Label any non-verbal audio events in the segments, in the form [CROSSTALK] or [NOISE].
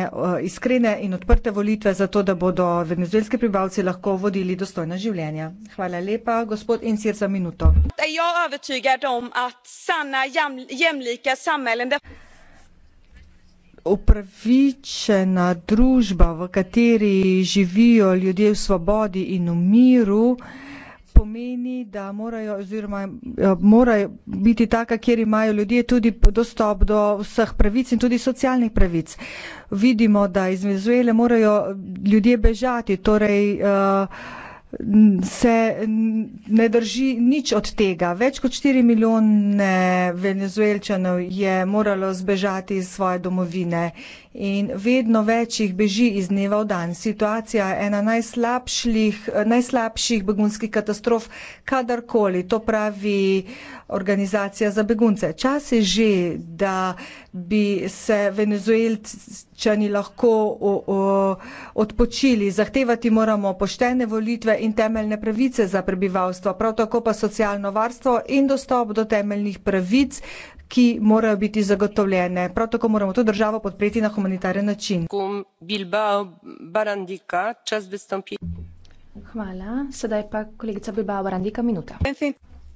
Eh, iskrene in odprte volitve za to, da bodo venezuelski prebivalci lahko vodili dostojna življenja. Hvala lepa, gospod Incir, za minuto. Upravičena družba, v kateri živijo ljudje v svobodi in v miru, pomeni, da morajo, oziroma, ja, morajo biti taka, kjer imajo ljudje tudi dostop do vseh pravic in tudi socialnih pravic. Vidimo, da iz Venezuele morajo ljudje bežati, torej eh, se ne drži nič od tega. Več kot 4 milijone venezuelčanov je moralo zbežati iz svoje domovine in vedno več jih beži iz dneva v dan. Situacija je ena najslabših, najslabših begunskih katastrof kadarkoli, to pravi organizacija za begunce. Čas je že, da bi se venezuelčani lahko o, o, odpočili. Zahtevati moramo poštene volitve in temeljne pravice za prebivalstvo, prav tako pa socialno varstvo in dostop do temeljnih pravic, ki morajo biti zagotovljene. prav tako moramo to državo podpreti na humanitaren način.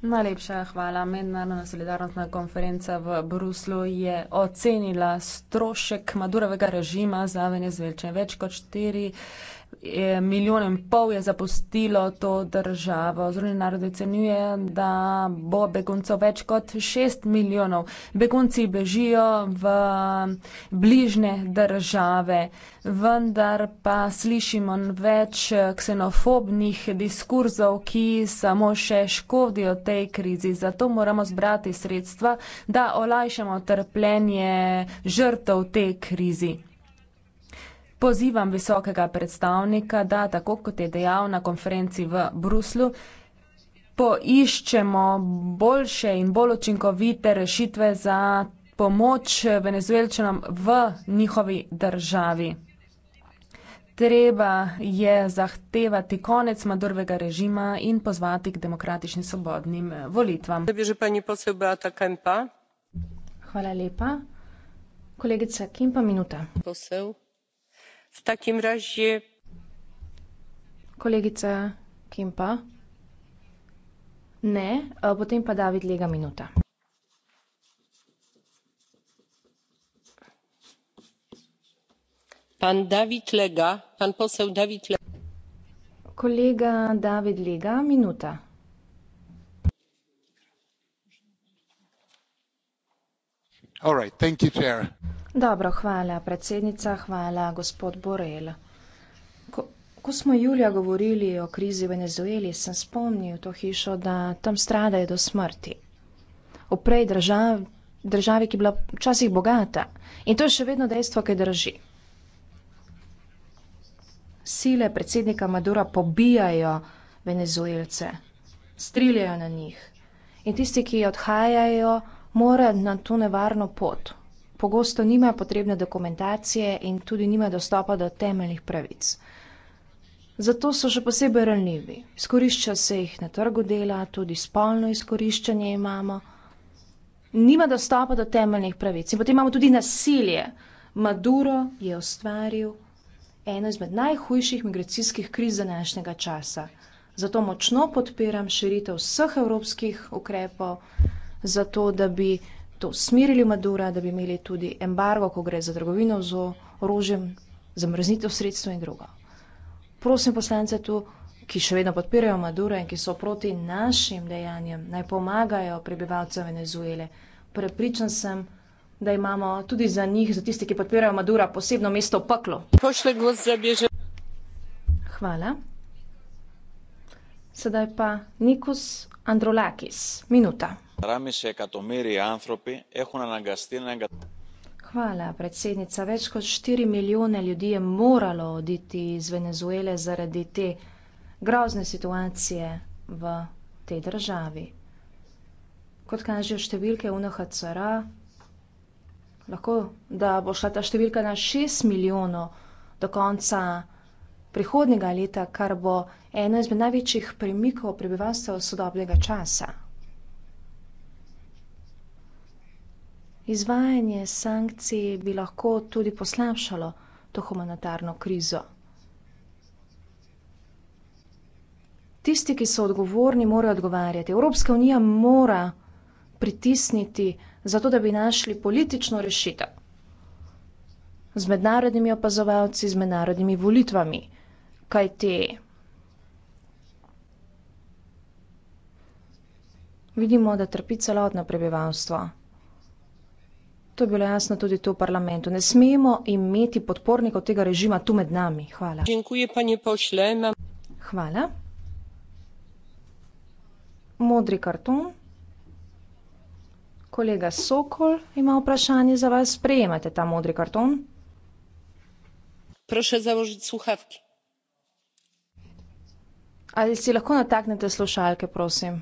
najlepša hvala. mednarodna solidarnostna konferenca v bruslju je ocenila strošek madurovega režima za venezuelčane več kot štiri Eh, milijon in pol je zapustilo to državo. Združene narode ocenjuje, da bo beguncev več kot šest milijonov. Begunci bežijo v bližne države, vendar pa slišimo več ksenofobnih diskurzov, ki samo še škodijo tej krizi. Zato moramo zbrati sredstva, da olajšamo trpljenje žrtev te krizi pozivam visokega predstavnika, da tako kot je dejal na konferenci v Bruslu, poiščemo boljše in bolj učinkovite rešitve za pomoč venezuelčanom v njihovi državi. Treba je zahtevati konec Madurovega režima in pozvati k demokratičnim svobodnim volitvam. Hvala lepa. Kolegica Kempa, minuta v takim razie kolegica Kimpa ne potem pa David Lega minuta pan David Lega pan poseł David Le... kolega David Lega minuta All right, thank you, Chair. Dobro, hvala predsednica, hvala gospod Borel. Ko, ko smo julija govorili o krizi v Venezueli, sem spomnil to hišo, da tam stradajo do smrti. V prej državi, državi, ki je bila včasih bogata. In to je še vedno dejstvo, ki drži. Sile predsednika Madura pobijajo venezuelce, striljajo na njih. In tisti, ki odhajajo, morajo na to nevarno pot pogosto nima potrebne dokumentacije in tudi nima dostopa do temeljnih pravic. Zato so še posebej ranljivi. Izkorišča se jih na trgu dela, tudi spolno izkoriščanje imamo. Nima dostopa do temeljnih pravic. In potem imamo tudi nasilje. Maduro je ustvaril eno izmed najhujših migracijskih kriz današnjega časa. Zato močno podpiram širitev vseh evropskih ukrepov, zato da bi to smirili Madura, da bi imeli tudi embargo, ko gre za trgovino z orožjem, zamrznitev sredstva in drugo. Prosim poslance tu, ki še vedno podpirajo Madura in ki so proti našim dejanjem, naj pomagajo prebivalcem Venezuele. Prepričan sem, da imamo tudi za njih, za tiste, ki podpirajo Madura, posebno mesto v peklu. Hvala. Sedaj pa Nikos Androlakis, minuta. Hvala, predsednica. Več kot štiri milijone ljudi je moralo oditi iz Venezuele zaradi te grozne situacije v tej državi. Kot kažejo številke UNHCR-a, lahko da bo šla ta številka na šest milijonov do konca prihodnjega leta, kar bo eno izmed največjih premikov prebivalstva sodobnega časa. Izvajanje sankcij bi lahko tudi poslabšalo to humanitarno krizo. Tisti, ki so odgovorni, morajo odgovarjati. Evropska unija mora pritisniti, zato da bi našli politično rešitev z mednarodnimi opazovalci, z mednarodnimi volitvami. Kaj te? Vidimo, da trpi celotno prebivalstvo. To je bilo jasno tudi tu v parlamentu. Ne smemo imeti podpornikov tega režima tu med nami. Hvala. Hvala. Modri karton. Kolega Sokol ima vprašanje za vas. Sprejemate ta modri karton? Prošle založiti sluhavke. Ali si lahko nataknete slušalke, prosim?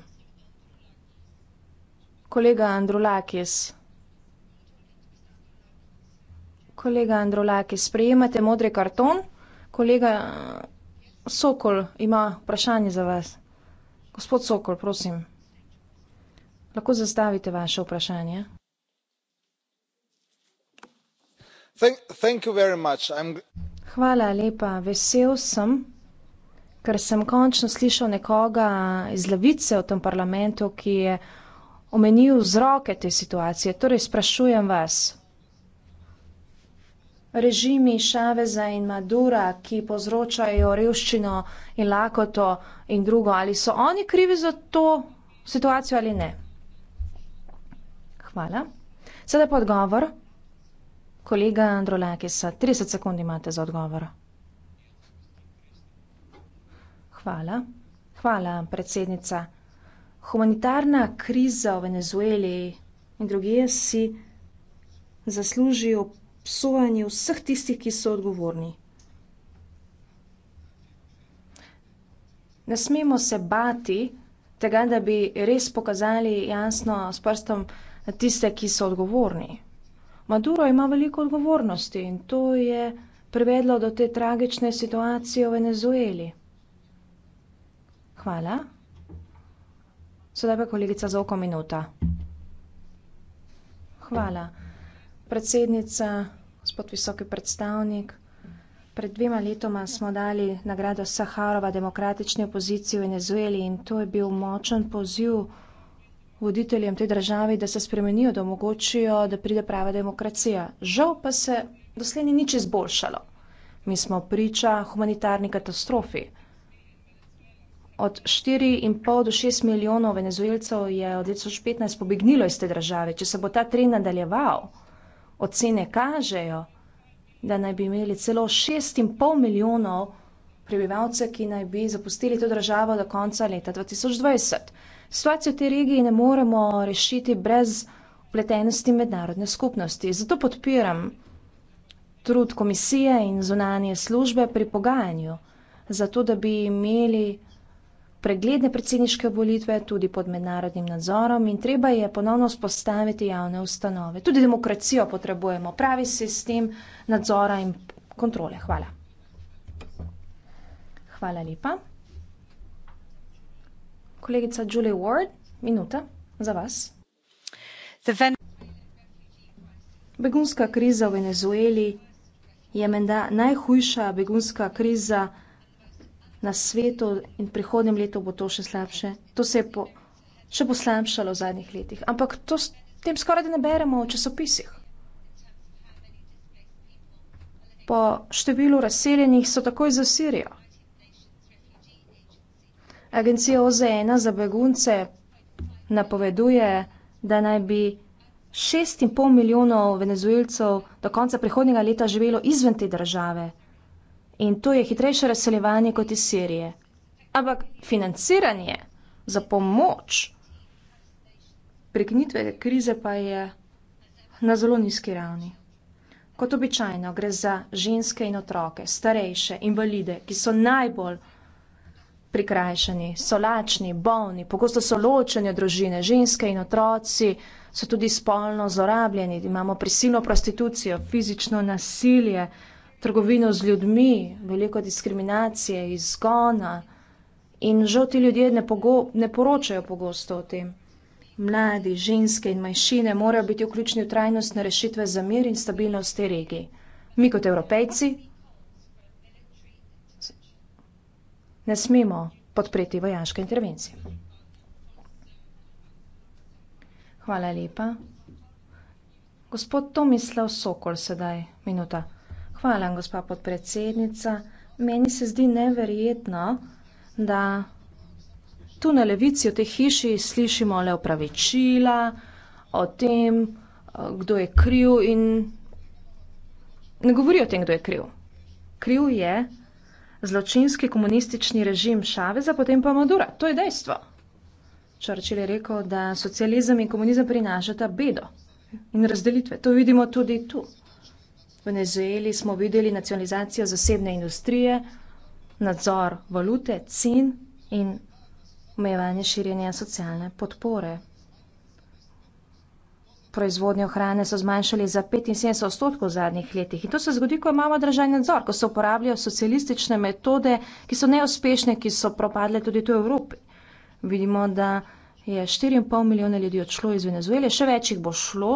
Kolega Andrulakis. Kolega Androlaki, sprejemate modri karton? Kolega Sokol ima vprašanje za vas. Gospod Sokol, prosim, lahko zastavite vaše vprašanje. Thank, thank much, Hvala lepa. Vesel sem, ker sem končno slišal nekoga iz levice v tem parlamentu, ki je omenil vzroke te situacije. Torej, sprašujem vas, režimi Šaveza in Madura, ki povzročajo revščino in lakoto in drugo, ali so oni krivi za to situacijo ali ne? Hvala. Sedaj pa odgovor. Kolega Androlakisa, 30 sekund imate za odgovor. Hvala. Hvala, predsednica. Humanitarna kriza v Venezueli in drugje si zaslužijo obsojanje vseh tistih, ki so odgovorni. Ne smemo se bati tega, da bi res pokazali jasno s prstom tiste, ki so odgovorni. Maduro ima veliko odgovornosti in to je privedlo do te tragične situacije v Venezueli. Hvala. Sedaj pa kolegica za oko minuta. Hvala. Hvala predsednica, gospod visoki predstavnik. Pred dvema letoma smo dali nagrado Saharova demokratični opoziciji v Venezueli in to je bil močen poziv voditeljem te države, da se spremenijo, da omogočijo, da pride prava demokracija. Žal pa se doslej ni nič izboljšalo. Mi smo priča humanitarni katastrofi. Od 4,5 do 6 milijonov venezuelcev je od 2015 pobegnilo iz te države. Če se bo ta trend nadaljeval, ocene kažejo, da naj bi imeli celo 6,5 milijonov prebivalcev, ki naj bi zapustili to državo do konca leta 2020. Situacijo v tej regiji ne moremo rešiti brez pletenosti mednarodne skupnosti. Zato podpiram trud komisije in zunanje službe pri pogajanju, zato da bi imeli pregledne predsedniške volitve tudi pod mednarodnim nadzorom in treba je ponovno spostaviti javne ustanove. Tudi demokracijo potrebujemo, pravi sistem nadzora in kontrole. Hvala. Hvala lepa. Kolegica Julie Ward, minuta za vas. Begunska kriza v Venezueli je menda najhujša begunska kriza na svetu in prihodnjem letu bo to še slabše. To se je po, še poslabšalo v zadnjih letih. Ampak to s tem skoraj ne beremo v časopisih. Po številu razseljenih so takoj za Sirijo. Agencija OZN za begunce napoveduje, da naj bi 6,5 milijonov venezuelcev do konca prihodnjega leta živelo izven te države in tu je hitrejše razseljevanje kot iz Sirije. Ampak financiranje za pomoč preknitve krize pa je na zelo nizki ravni. Kot običajno gre za ženske in otroke, starejše, invalide, ki so najbolj prikrajšani, so lačni, bolni, pogosto so ločene družine, ženske in otroci so tudi spolno zlorabljeni, imamo prisilno prostitucijo, fizično nasilje trgovino z ljudmi, veliko diskriminacije, izgona. In žal ti ljudje ne, pogo, ne poročajo pogosto o tem. Mladi, ženske in manjšine morajo biti vključeni v trajnostne rešitve za mir in stabilnost te regiji. Mi kot evropejci ne smemo podpreti vojaške intervencije. Hvala lepa. Gospod Tomislav Sokol, sedaj minuta. Hvala, gospa podpredsednica. Meni se zdi neverjetno, da tu na levici v tej hiši slišimo le opravičila o tem, kdo je kriv in ne govori o tem, kdo je kriv. Kriv je zločinski komunistični režim Šaveza, potem pa Madura. To je dejstvo. Churchill je rekel, da socializem in komunizem prinašata bedo in razdelitve. To vidimo tudi tu. Venezueli smo videli nacionalizacijo zasebne industrije, nadzor valute, cen in omejevanje širjenja socialne podpore. Proizvodnje hrane so zmanjšali za 75 odstotkov v zadnjih letih. In to se zgodi, ko imamo državni nadzor, ko se uporabljajo socialistične metode, ki so neuspešne, ki so propadle tudi tu v Evropi. Vidimo, da je 4,5 milijona ljudi odšlo iz Venezuele, še več jih bo šlo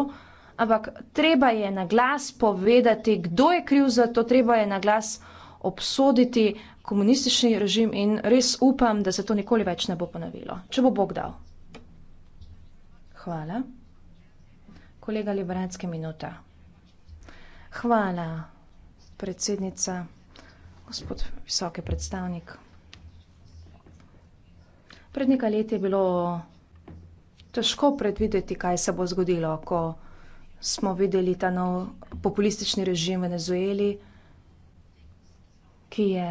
ampak treba je na glas povedati, kdo je kriv za to, treba je na glas obsoditi komunistični režim in res upam, da se to nikoli več ne bo ponovilo, če bo Bog dal. Hvala. Kolega Liberanske minuta. Hvala, predsednica, gospod visoki predstavnik. Pred nekaj leti je bilo težko predvideti, kaj se bo zgodilo, ko smo videli ta nov populistični režim v Venezueli, ki je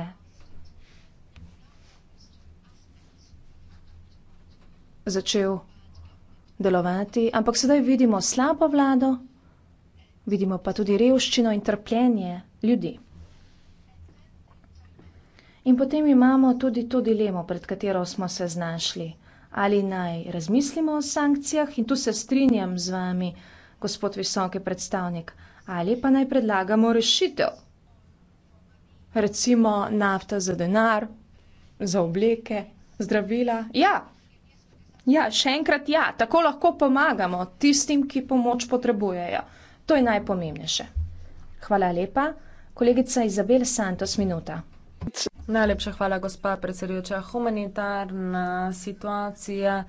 začel delovati, ampak sedaj vidimo slabo vlado, vidimo pa tudi revščino in trpljenje ljudi. In potem imamo tudi to dilemo, pred katero smo se znašli. Ali naj razmislimo o sankcijah, in tu se strinjam z vami, gospod visoki predstavnik, ali pa naj predlagamo rešitev. Recimo nafta za denar, za obleke, zdravila. Ja, ja še enkrat ja, tako lahko pomagamo tistim, ki pomoč potrebujejo. To je najpomembnejše. Hvala lepa. Kolegica Izabel Santos, minuta. Najlepša hvala, gospa predsedujoča. Humanitarna situacija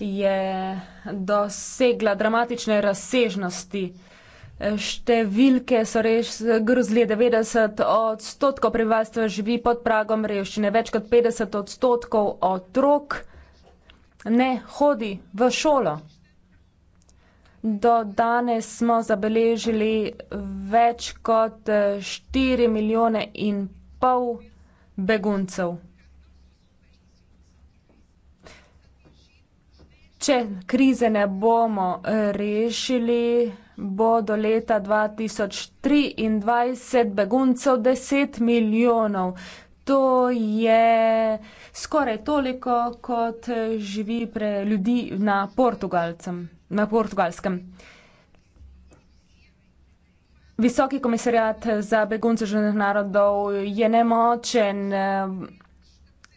je dosegla dramatične razsežnosti. Številke so res grozlije. 90 odstotkov prebivalstva živi pod pragom revščine, več kot 50 odstotkov otrok ne hodi v šolo. Do danes smo zabeležili več kot 4 milijone in pol beguncev. Če krize ne bomo eh, rešili, bo do leta 2023 beguncev 10 milijonov. To je skoraj toliko, kot živi pre ljudi na, na portugalskem. Visoki komisariat za begunce žene narodov je nemočen. Eh,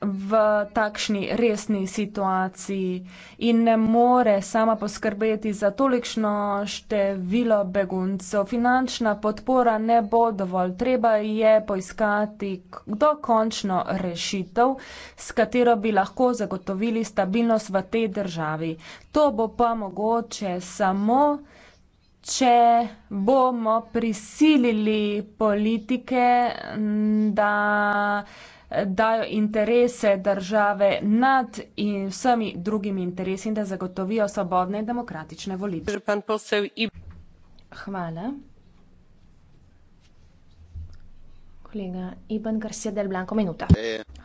v takšni resni situaciji in ne more sama poskrbeti za tolikšno število beguncev. Finančna podpora ne bo dovolj, treba je poiskati dokončno rešitev, s katero bi lahko zagotovili stabilnost v tej državi. To bo pa mogoče samo, če bomo prisilili politike, da dajo interese države nad in vsemi drugimi interesi in da zagotovijo svobodne in demokratične volitve. Hvala. Kolega Iban Garcia del Blanco, minuta.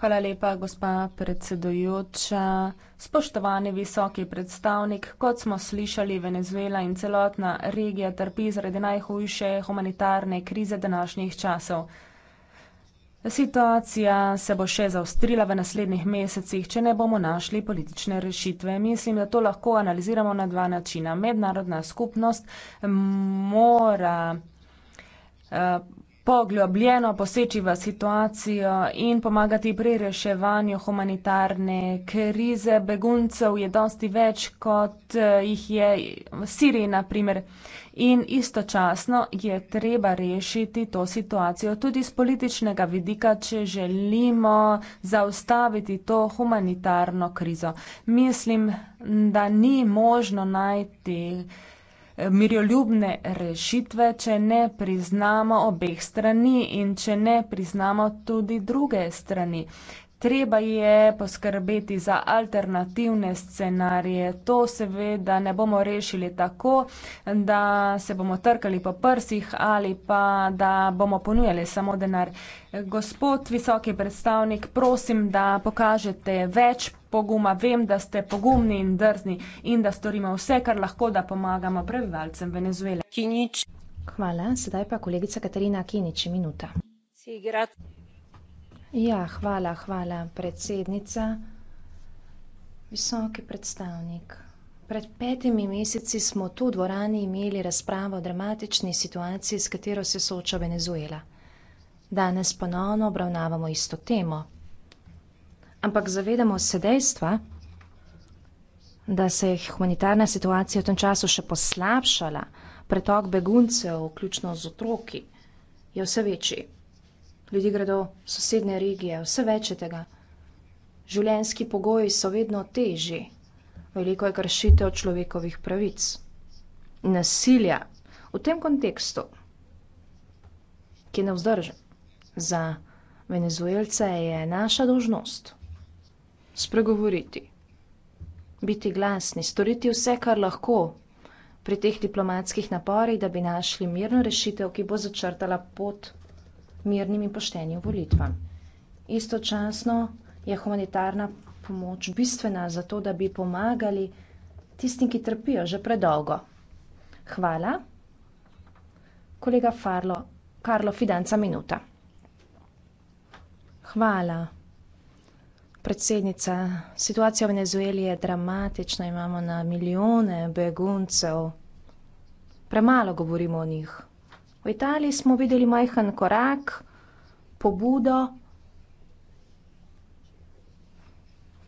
Hvala lepa, gospa predsedujoča. Spoštovani visoki predstavnik, kot smo slišali, Venezuela in celotna regija trpi zaradi najhujše humanitarne krize današnjih časov. Situacija se bo še zaostrila v naslednjih mesecih, če ne bomo našli politične rešitve. Mislim, da to lahko analiziramo na dva načina. Mednarodna skupnost mora. Uh, poglobljeno poseči v situacijo in pomagati pri reševanju humanitarne krize. Beguncev je dosti več, kot eh, jih je v Siriji, na primer. In istočasno je treba rešiti to situacijo tudi z političnega vidika, če želimo zaustaviti to humanitarno krizo. Mislim, da ni možno najti miroljubne rešitve, če ne priznamo obeh strani in če ne priznamo tudi druge strani. Treba je poskrbeti za alternativne scenarije. To seveda ne bomo rešili tako, da se bomo trkali po prsih ali pa da bomo ponujali samo denar. Gospod visoki predstavnik, prosim, da pokažete več poguma, vem, da ste pogumni in drzni in da storimo vse, kar lahko, da pomagamo prebivalcem Venezuele. Kinič. Hvala, sedaj pa kolegica Katarina Kinič, minuta. Sigrat. Ja, hvala, hvala, predsednica. Visoki predstavnik. Pred petimi meseci smo tu v dvorani imeli razpravo o dramatični situaciji, s katero se sooča Venezuela. Danes ponovno obravnavamo isto temo, ampak zavedamo se dejstva, da se je humanitarna situacija v tem času še poslabšala, pretok beguncev, vključno z otroki, je vse večji. Ljudje gredo v sosedne regije, vse več je tega. Življenjski pogoji so vedno težji, veliko je kršitev človekovih pravic. Nasilja v tem kontekstu, ki ne vzdrži za venezuelce, je naša dožnost spregovoriti, biti glasni, storiti vse, kar lahko pri teh diplomatskih naporih, da bi našli mirno rešitev, ki bo začrtala pot mirnim in poštenim volitvam. Istočasno je humanitarna pomoč bistvena za to, da bi pomagali tistim, ki trpijo že predolgo. Hvala, kolega Farlo, Karlo Fidanca Minuta. Hvala. Predsednica, situacija v Venezueli je dramatična, imamo na milijone beguncev. Premalo govorimo o njih. V Italiji smo videli majhen korak, pobudo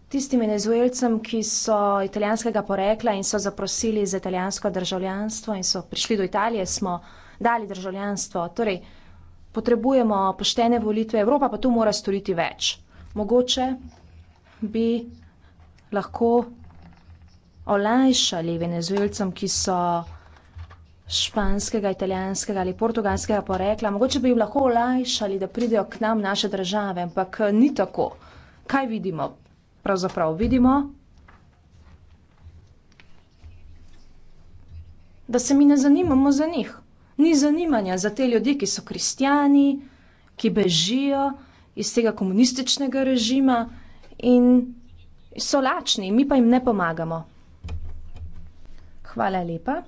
tistim venezuelcem, ki so italijanskega porekla in so zaprosili za italijansko državljanstvo in so prišli do Italije, smo dali državljanstvo. Torej, potrebujemo poštene volitve, Evropa pa tu mora storiti več. Mogoče bi lahko olajšali venezuelcem, ki so španskega, italijanskega ali portugalskega porekla, mogoče bi jim lahko olajšali, da pridejo k nam naše države, ampak eh, ni tako. Kaj vidimo? Pravzaprav vidimo, da se mi ne zanimamo za njih. Ni zanimanja za te ljudi, ki so kristijani, ki bežijo iz tega komunističnega režima, in so lačni, mi pa jim ne pomagamo. Hvala lepa.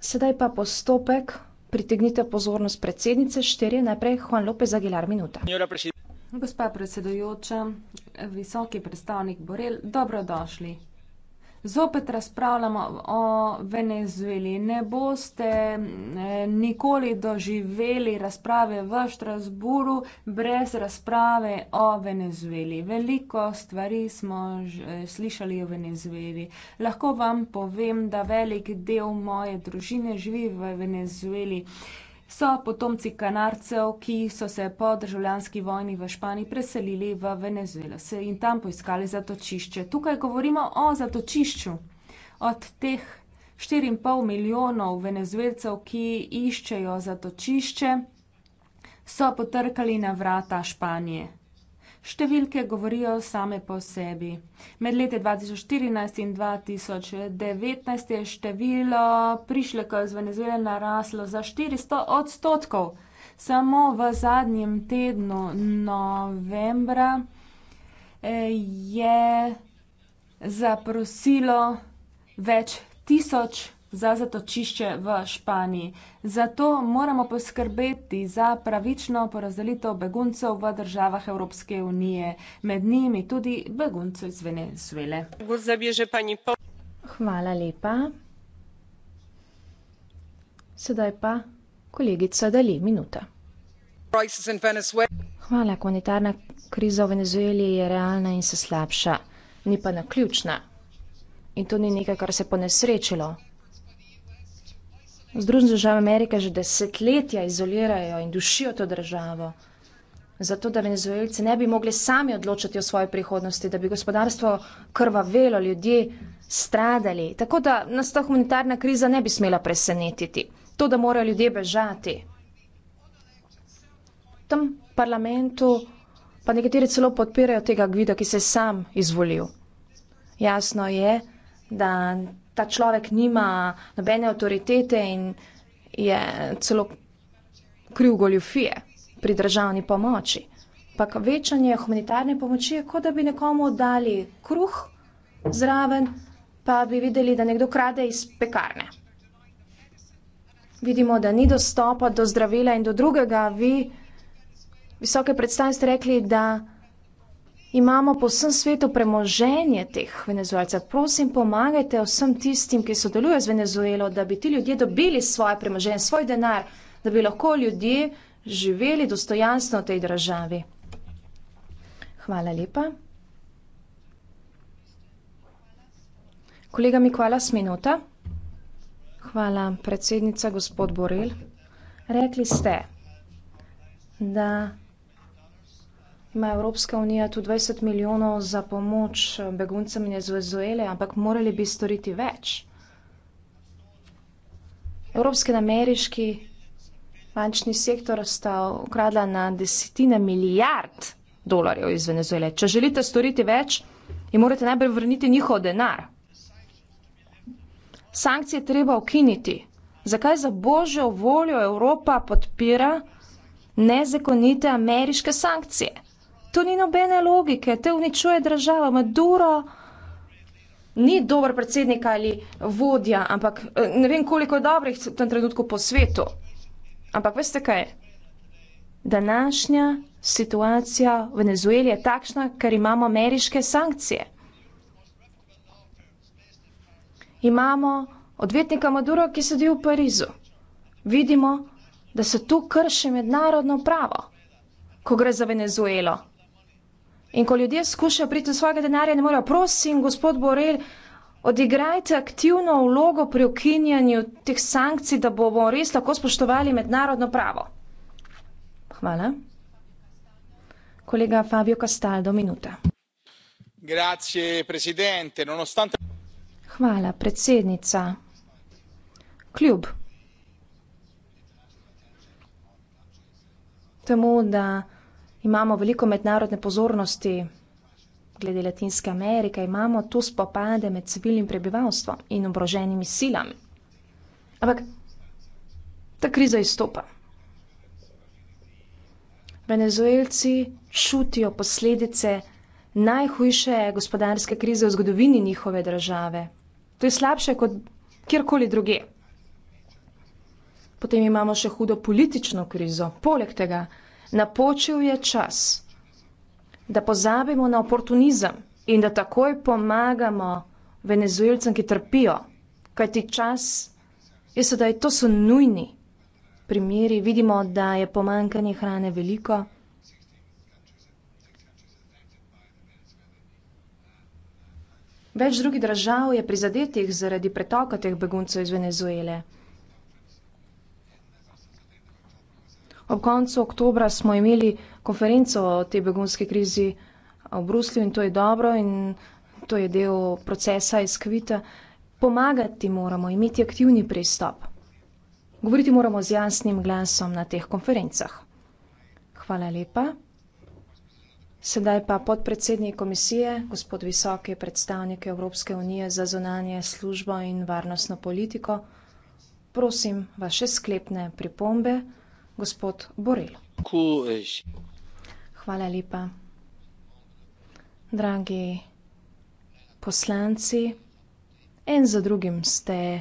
Sedaj pa postopek. Pritegnite pozornost predsednice. Štiri najprej Juan Lopez za Gilar Minuta. Gospa predsedujoča, visoki predstavnik Borel, dobrodošli zopet razpravljamo o Venezueli. Ne boste eh, nikoli doživeli razprave v Štrasburu brez razprave o Venezueli. Veliko stvari smo eh, slišali o Venezueli. Lahko vam povem, da velik del moje družine živi v Venezueli so potomci kanarcev, ki so se po državljanski vojni v Španiji preselili v Venezuelo in tam poiskali zatočišče. Tukaj govorimo o zatočišču od teh 4,5 milijonov venezuelcev, ki iščejo zatočišče. So potrkali na vrata Španije, Številke govorijo same po sebi. Med leti 2014 in 2019 je število prišlekov iz Venezuele naraslo za 400 odstotkov. Samo v zadnjem tednu novembra eh, je zaprosilo več tisoč za zatočišče v Španiji. Zato moramo poskrbeti za pravično porazdelitev beguncev v državah Evropske unije, med njimi tudi beguncev iz Venezuele. Hvala lepa. Sedaj pa kolegica Dali, minuta. Hvala, humanitarna kriza v Venezueli je realna in se slabša, ni pa naključna. In to ni nekaj, kar se je ponesrečilo, Združene države Amerike že desetletja izolirajo in dušijo to državo, zato da venezuelci ne bi mogli sami odločati o svoji prihodnosti, da bi gospodarstvo krvavelo, ljudje stradali. Tako da nas ta humanitarna kriza ne bi smela presenetiti. To, da morajo ljudje bežati. V tem parlamentu pa nekateri celo podpirajo tega Gvida, ki se je sam izvolil. Jasno je, da ta človek nima nobene avtoritete in je celo kriv goljufije pri državni pomoči. Ampak večanje humanitarne pomoči je kot da bi nekomu dali kruh zraven, pa bi videli, da nekdo krade iz pekarne. Vidimo, da ni dostopa do zdravila in do drugega. Vi, visoke predstavnice, ste rekli, da imamo po vsem svetu premoženje teh venezuelcev. Prosim, pomagajte vsem tistim, ki sodelujo z Venezuelo, da bi ti ljudje dobili svoje premoženje, svoj denar, da bi lahko ljudje živeli dostojanstveno v tej državi. Hvala lepa. Kolega Mikolas, minuta. Hvala, predsednica, gospod Borel. Rekli ste, da ima Evropska unija tu 20 milijonov za pomoč eh, beguncem iz Venezuele, ampak morali bi storiti več. Evropski in ameriški bančni sektor sta ukradla na desetine milijard dolarjev iz Venezuele. Če želite storiti več, jim morate najprej vrniti njihov denar. Sankcije treba ukiniti. Zakaj za božjo voljo Evropa podpira nezakonite ameriške sankcije? to ni nobene logike, te uničuje država. Maduro ni dober predsednik ali vodja, ampak eh, ne vem, koliko dobrih v tem trenutku po svetu. Ampak veste kaj? Današnja situacija v Venezueli je takšna, ker imamo ameriške sankcije. Imamo odvetnika Maduro, ki sedi v Parizu. Vidimo, da se tu krši mednarodno pravo, ko gre za Venezuelo. In ko ljudje skušajo priti do svojega denarja, ne morejo, prosim, gospod Borel, odigrajte aktivno vlogo pri ukinjanju teh sankcij, da bomo res lahko spoštovali mednarodno pravo. Hvala. Kolega Fabio Castaldo, minuta. Hvala, predsednica. Kljub temu, da imamo veliko mednarodne pozornosti glede Latinske Amerike, imamo tu spopade med civilnim prebivalstvom in obroženimi silami. Ampak ta kriza izstopa. Venezuelci čutijo posledice najhujše gospodarske krize v zgodovini njihove države. To je slabše kot kjerkoli druge. Potem imamo še hudo politično krizo. Poleg tega Napočil je čas, da pozabimo na oportunizem in da takoj pomagamo venezuelcem, ki trpijo, kajti čas je sedaj, to so nujni primeri, vidimo, da je pomankanje hrane veliko. Več drugih držav je prizadetih zaradi pretoka teh beguncev iz Venezuele. Ob koncu oktobra smo imeli konferenco o tej begunski krizi eh, v Bruslju in to je dobro in to je del procesa iz Kvita. Pomagati moramo, imeti aktivni pristop. Govoriti moramo z jasnim glasom na teh konferencah. Hvala lepa. Sedaj pa podpredsednik komisije, gospod visoki predstavnik Evropske unije za zonanje službo in varnostno politiko. Prosim, vaše sklepne pripombe gospod Borelo. Hvala lepa. Dragi poslanci, en za drugim ste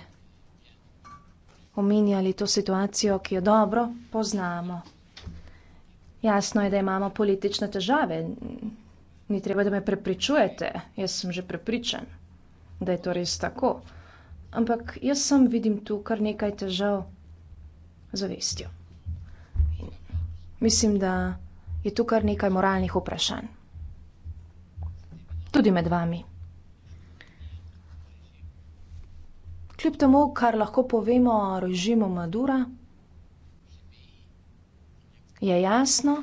omenjali to situacijo, ki jo dobro poznamo. Jasno je, da imamo politične težave. Ni treba, da me prepričujete. Jaz sem že prepričan, da je to res tako. Ampak jaz sem vidim tu kar nekaj težav z zavestjo. Mislim, da je tu kar nekaj moralnih vprašanj. Tudi med vami. Kljub temu, kar lahko povemo o režimu Madura, je jasno,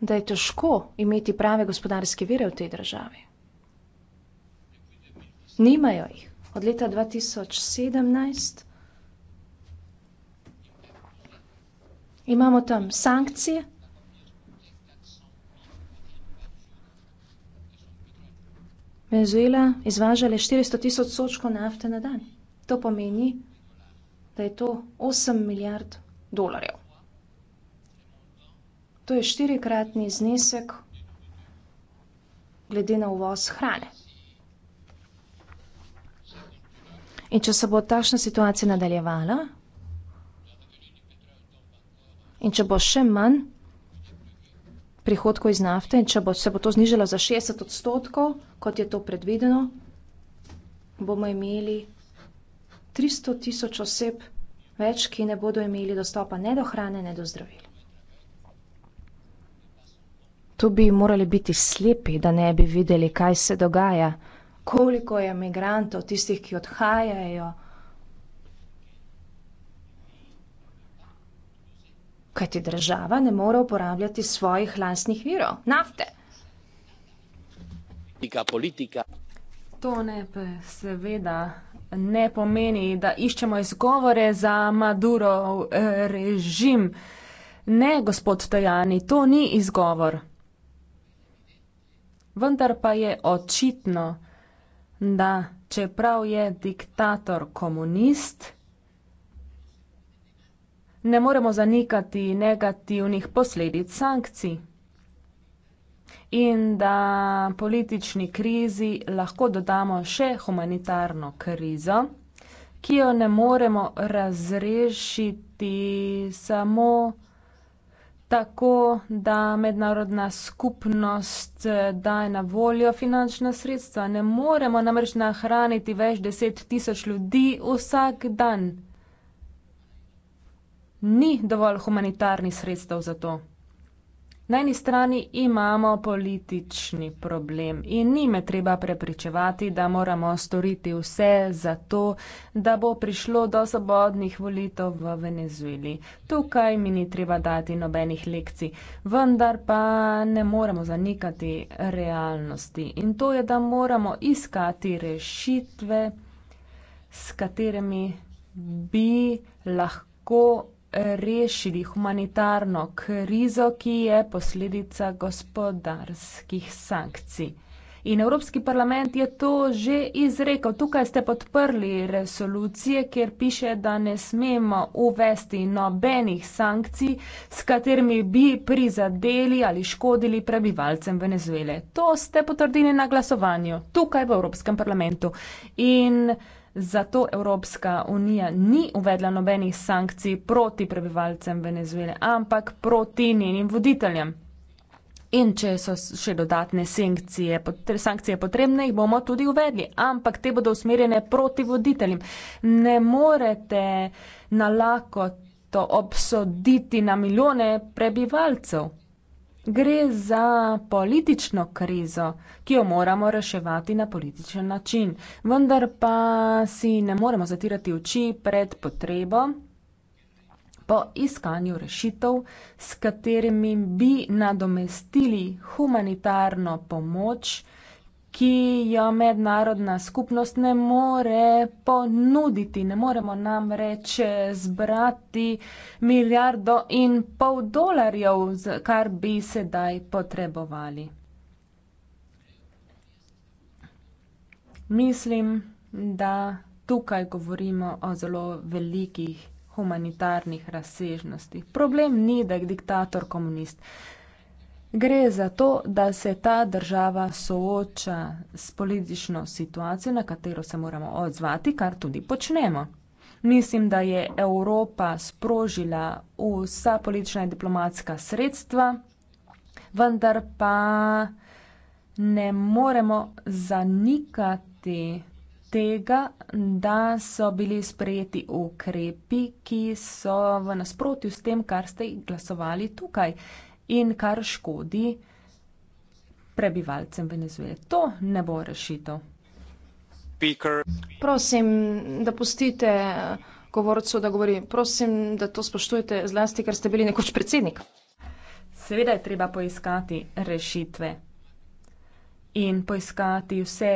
da je težko imeti prave gospodarske vire v tej državi. Nimajo jih. Od leta 2017. Imamo tam sankcije. Venezuela izvaža le 400 tisoč sočkov nafte na dan. To pomeni, da je to 8 milijard dolarjev. To je štirikratni znesek glede na uvoz hrane. In če se bo takšna situacija nadaljevala, In če bo še manj prihodkov iz nafte in če bo, se bo to znižalo za 60 odstotkov, kot je to predvideno, bomo imeli 300 tisoč oseb več, ki ne bodo imeli dostopa ne do hrane, ne do zdravil. Tu bi morali biti slepi, da ne bi videli, kaj se dogaja, koliko je migrantov, tistih, ki odhajajo. kajti država ne more uporabljati svojih lastnih virov nafte. Politika. To ne, pa seveda ne pomeni, da iščemo izgovore za Madurov eh, režim. Ne, gospod Tajani, to ni izgovor. Vendar pa je očitno, da čeprav je diktator komunist, ne moremo zanikati negativnih posledic sankcij in da politični krizi lahko dodamo še humanitarno krizo, ki jo ne moremo razrešiti samo tako, da mednarodna skupnost daje na voljo finančna sredstva. Ne moremo namreč nahraniti več deset tisoč ljudi vsak dan ni dovolj humanitarnih sredstev za to. Na eni strani imamo politični problem in ni me treba prepričevati, da moramo storiti vse za to, da bo prišlo do svobodnih volitev v Venezueli. Tukaj mi ni treba dati nobenih lekcij, vendar pa ne moremo zanikati realnosti in to je, da moramo iskati rešitve, s katerimi bi lahko rešili humanitarno krizo, ki je posledica gospodarskih sankcij. In Evropski parlament je to že izrekel. Tukaj ste podprli resolucije, kjer piše, da ne smemo uvesti nobenih sankcij, s katerimi bi prizadeli ali škodili prebivalcem Venezuele. To ste potrdili na glasovanju tukaj v Evropskem parlamentu. In zato Evropska unija ni uvedla nobenih sankcij proti prebivalcem Venezuele, ampak proti njenim voditeljem. In če so še dodatne sankcije, sankcije potrebne, jih bomo tudi uvedli, ampak te bodo usmerjene proti voditeljem. Ne morete na lakoto obsoditi na milijone prebivalcev. Gre za politično krizo, ki jo moramo reševati na političen način. Vendar pa si ne moremo zatirati oči pred potrebo po iskanju rešitev, s katerimi bi nadomestili humanitarno pomoč, ki jo mednarodna skupnost ne more ponuditi. Ne moremo namreč zbrati milijardo in pol dolarjev, kar bi sedaj potrebovali. Mislim, da tukaj govorimo o zelo velikih humanitarnih razsežnostih. Problem ni, da je diktator komunist. Gre za to, da se ta država sooča s politično situacijo, na katero se moramo odzvati, kar tudi počnemo. Mislim, da je Evropa sprožila vsa politična in diplomatska sredstva, vendar pa ne moremo zanikati tega, da so bili sprejeti ukrepi, ki so v nasprotju s tem, kar ste glasovali tukaj in kar škodi prebivalcem Venezuele. To ne bo rešitev. Prosim, da pustite eh, govorcu, da govori. Prosim, da to spoštujete zlasti, ker ste bili nekoč predsednik. Seveda je treba poiskati rešitve in poiskati vse,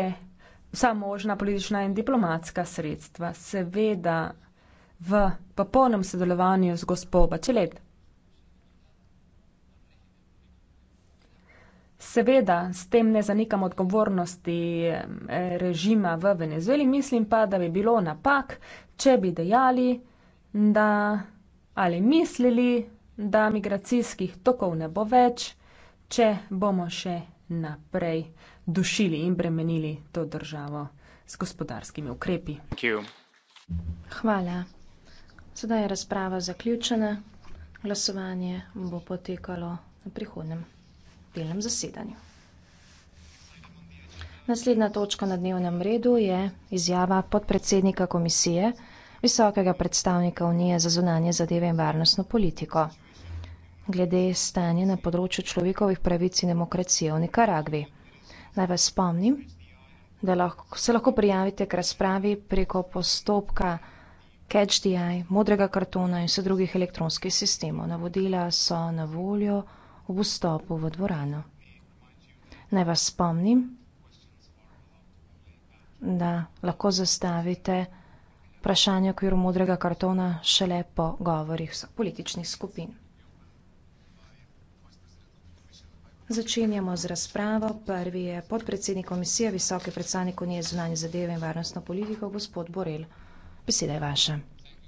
vsa možna politična in diplomatska sredstva. Seveda v popolnem sodelovanju z gospodom Bačelet. Seveda, s tem ne zanikam odgovornosti eh, režima v Venezueli, mislim pa, da bi bilo napak, če bi dejali, da ali mislili, da migracijskih tokov ne bo več, če bomo še naprej dušili in bremenili to državo s gospodarskimi ukrepi. Hvala. Sedaj je razprava zaključena. Glasovanje bo potekalo na prihodnem aprilnem zasedanju. Naslednja točka na dnevnem redu je izjava podpredsednika komisije, visokega predstavnika Unije za zunanje zadeve in varnostno politiko glede stanja na področju človekovih pravic in demokracije v Nikaragvi. Naj vas spomnim, da lahko, se lahko prijavite k razpravi preko postopka CatchDI, modrega kartona in vseh drugih elektronskih sistemov. Navodila so na voljo ob vstopu v dvorano. Naj vas spomnim, da lahko zastavite vprašanje v okviru modrega kartona šele po govorih političnih skupin. Začenjamo z razpravo. Prvi je podpredsednik komisije, visoki predstavnik unije zunanje zadeve in varnostno politiko, gospod Borel. Beseda je vaša.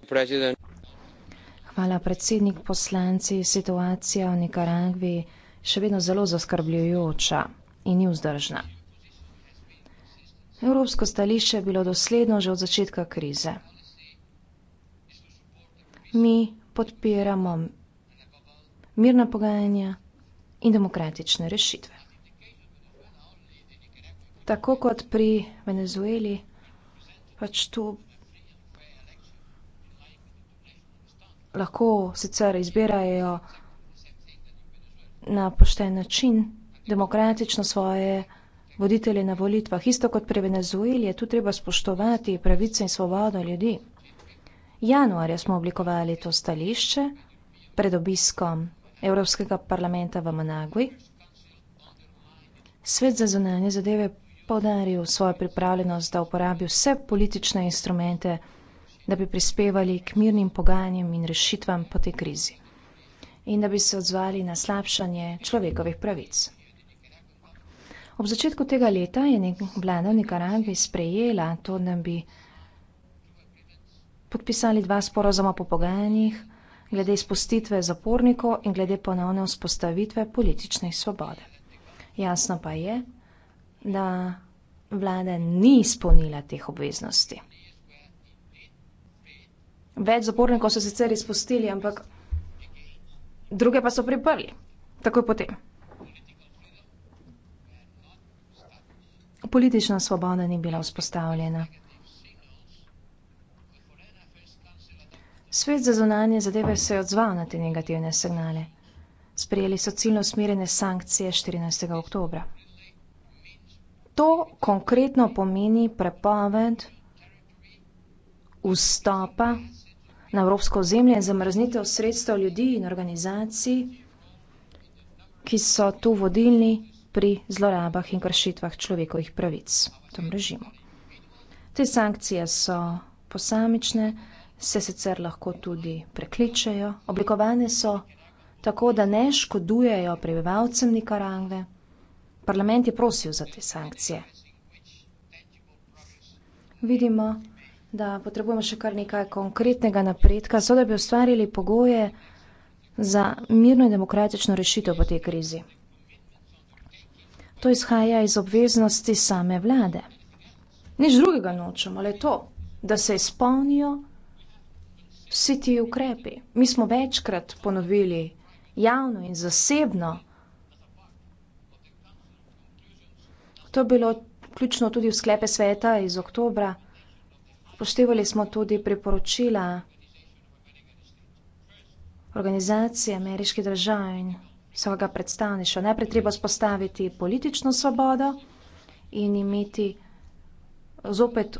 President. Hvala, predsednik poslanci. Situacija v Nikaragvi še vedno zelo zaskrbljujoča in ni vzdržna. Evropsko stališče je bilo dosledno že od začetka krize. Mi podpiramo mirna pogajanja in demokratične rešitve. Tako kot pri Venezueli, pač to lahko sicer izbirajo na pošten način demokratično svoje voditelje na volitvah. Isto kot pri Venezueli je tu treba spoštovati pravice in svobodo ljudi. Januarja smo oblikovali to stališče pred obiskom Evropskega parlamenta v Managvi. Svet za zunanje zadeve podaril svojo pripravljenost, da uporabi vse politične instrumente, da bi prispevali k mirnim pogajanjem in rešitvam po tej krizi in da bi se odzvali na slabšanje človekovih pravic. Ob začetku tega leta je nek vlada v Nikaragvi sprejela to, da bi podpisali dva sporozuma po pogajanjih glede izpustitve zapornikov in glede ponovne vzpostavitve politične svobode. Jasno pa je, da vlada ni izpolnila teh obveznosti. Več zapornikov so sicer izpustili, ampak druge pa so priprli. Takoj potem. Politična svoboda ni bila vzpostavljena. Svet za zunanje zadeve se je odzval na te negativne signale. Sprijeli so ciljno usmerjene sankcije 14. oktobra. To konkretno pomeni prepoved vstopa na evropsko ozemlje in zamrznitev sredstev ljudi in organizacij, ki so tu vodilni pri zlorabah in kršitvah človekovih pravic v tem režimu. Te sankcije so posamične, se sicer lahko tudi prekličejo, oblikovane so tako, da ne škodujejo prebivalcem Nikarangve. Parlament je prosil za te sankcije. Vidimo, da potrebujemo še kar nekaj konkretnega napredka, so da bi ustvarili pogoje za mirno in demokratično rešitev po tej krizi. To izhaja iz obveznosti same vlade. Nič drugega nočemo, le to, da se izpolnijo vsi ti ukrepi. Mi smo večkrat ponovili javno in zasebno. To je bilo ključno tudi v sklepe sveta iz oktobra Upoštevali smo tudi priporočila organizacije ameriških držav in svojega predstavništva. Najprej treba spostaviti politično svobodo in imeti zopet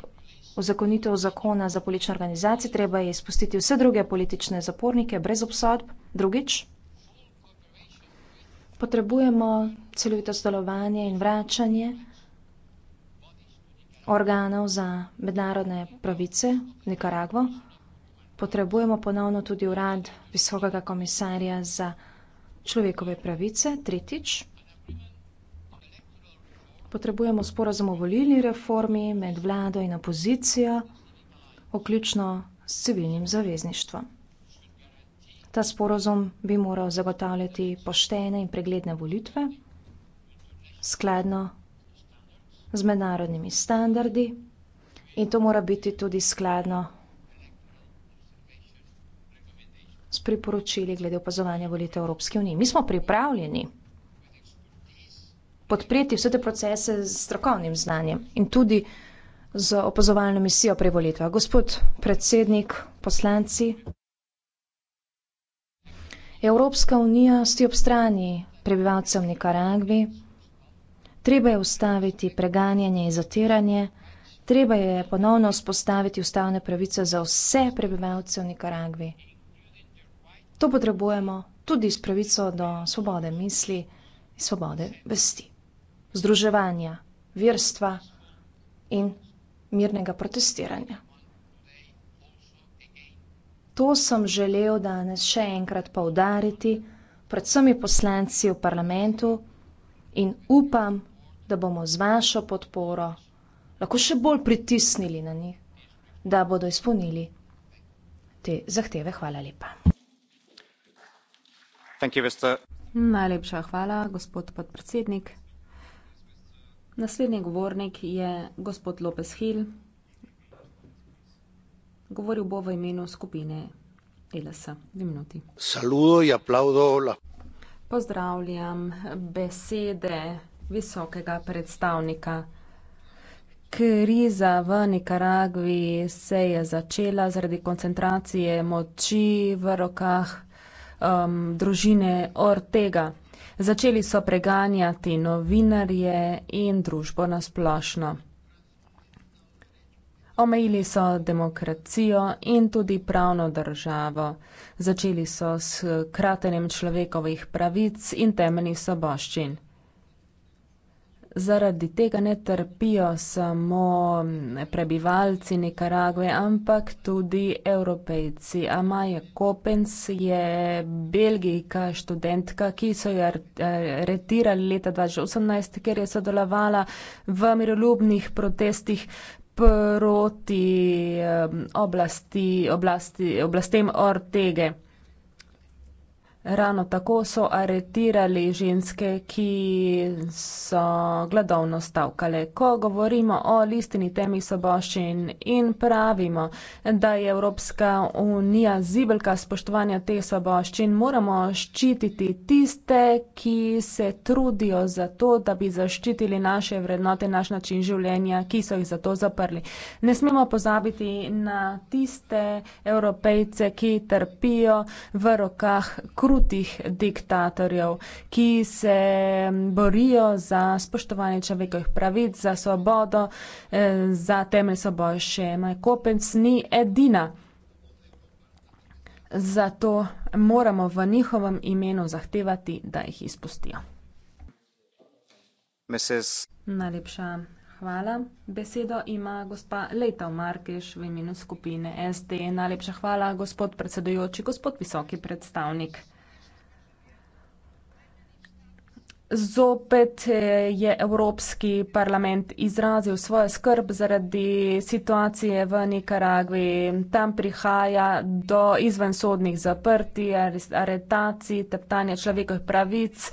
ozakonitev zakona za politične organizacije. Treba je izpustiti vse druge politične zapornike brez obsodb. Drugič, potrebujemo celovito sodelovanje in vračanje organov za mednarodne pravice v Nikaragvo. Potrebujemo ponovno tudi urad visokega komisarja za človekove pravice, tretjič. Potrebujemo sporazum o volilni reformi med vlado in opozicijo, vključno s civilnim zavezništvom. Ta sporazum bi moral zagotavljati poštene in pregledne volitve, skladno z mednarodnimi standardi in to mora biti tudi skladno s priporočili glede opazovanja volitev Evropske unije. Mi smo pripravljeni podpreti vse te procese z strokovnim znanjem in tudi z opazovalno misijo pri volitvah. Gospod predsednik, poslanci, Evropska unija stoji ob strani prebivalcem Nikaragvi treba je ustaviti preganjanje in zatiranje, treba je ponovno spostaviti ustavne pravice za vse prebivalce v Nikaragvi. To potrebujemo tudi s pravico do svobode misli in svobode vesti, združevanja, verstva in mirnega protestiranja. To sem želel danes še enkrat povdariti, predvsem je poslanci v parlamentu, in upam, da bomo z vašo podporo lahko še bolj pritisnili na njih, da bodo izpolnili te zahteve. Hvala lepa. Najlepša hvala, gospod podpredsednik. Naslednji govornik je gospod Lopez Hill. Govoril bo v imenu skupine ELS. Dve minuti pozdravljam besede visokega predstavnika. Kriza v Nikaragvi se je začela zaradi koncentracije moči v rokah um, družine Ortega. Začeli so preganjati novinarje in družbo nasplošno. Omejili so demokracijo in tudi pravno državo. Začeli so s kratenjem človekovih pravic in temeljnih soboščin. Zaradi tega ne trpijo samo prebivalci Nikaragve, ampak tudi evropejci. Amaja Kopens je belgijka študentka, ki so jo retirali leta 2018, ker je sodelovala v miroljubnih protestih proti oblasti, oblasti, oblastem Ortege. Ravno tako so aretirali ženske, ki so gladovno stavkale. Ko govorimo o listini temi soboščin in pravimo, da je Evropska unija zibelka spoštovanja te soboščin, moramo ščititi tiste, ki se trudijo za to, da bi zaščitili naše vrednote, naš način življenja, ki so jih za to zaprli. Ne smemo pozabiti na tiste evropejce, ki trpijo v rokah kruh krutih diktatorjev, ki se borijo za spoštovanje človekovih pravic, za svobodo, eh, za temelj svobojšema. Kopenc ni edina. Zato moramo v njihovem imenu zahtevati, da jih izpustijo. Mrs. Najlepša hvala. Besedo ima gospa Leta Markeš v imenu skupine SD. E. Najlepša hvala, gospod predsedujoči, gospod visoki predstavnik. Zopet eh, je Evropski parlament izrazil svojo skrb zaradi situacije v Nikaragvi. Tam prihaja do izvensodnih zaprti, aretacij, teptanja človekovih pravic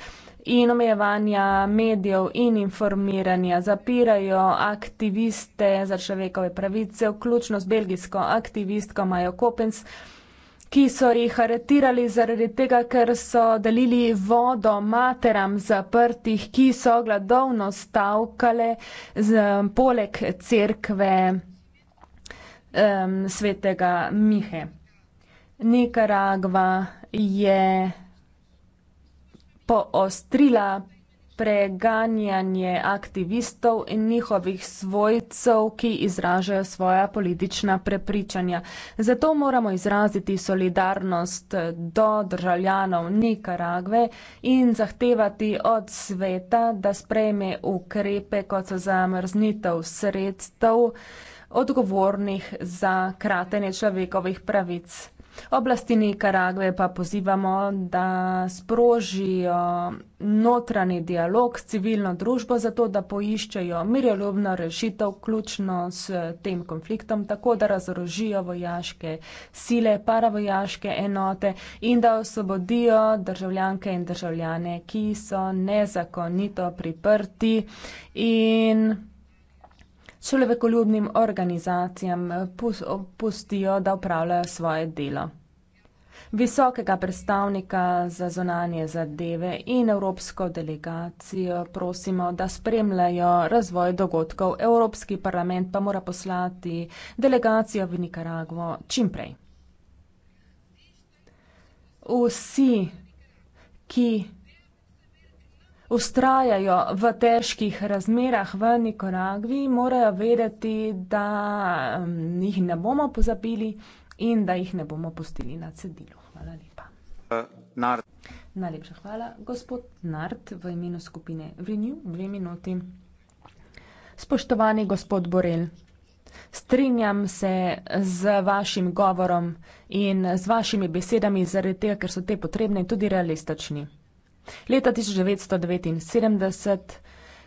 in omejevanja medijev in informiranja. Zapirajo aktiviste za človekove pravice, vključno z belgijsko aktivistko Majo Kopens ki so jih aretirali zaradi tega, ker so delili vodo materam zaprtih, ki so gladovno stavkale z, um, poleg cerkve um, svetega Mihe. Nikaragva je poostrila preganjanje aktivistov in njihovih svojcev, ki izražajo svoja politična prepričanja. Zato moramo izraziti solidarnost do državljanov Nikaragve in zahtevati od sveta, da sprejme ukrepe, kot so zamrznitev sredstev odgovornih za kratenje človekovih pravic. Oblasti Nikaragve pa pozivamo, da sprožijo notranji dialog s civilno družbo, zato da poiščejo miroljubno rešitev, ključno s tem konfliktom, tako da razorožijo vojaške sile, paravojaške enote in da osvobodijo državljanke in državljane, ki so nezakonito priprti in človekoljubnim organizacijam eh, pustijo, da upravljajo svoje delo. Visokega predstavnika za zonanje zadeve in evropsko delegacijo prosimo, da spremljajo razvoj dogodkov. Evropski parlament pa mora poslati delegacijo v Nikaragvo čimprej. Vsi, ki ustrajajo v težkih razmerah v Nikaragvi, morajo vedeti, da mm, jih ne bomo pozabili in da jih ne bomo pustili na cedilu. Hvala lepa. Uh, Najlepša hvala, gospod Nart, v imenu skupine Venue, dve minuti. Spoštovani gospod Borel, strinjam se z vašim govorom in z vašimi besedami, zaradi tega, ker so te potrebne in tudi realistični. Leta 1979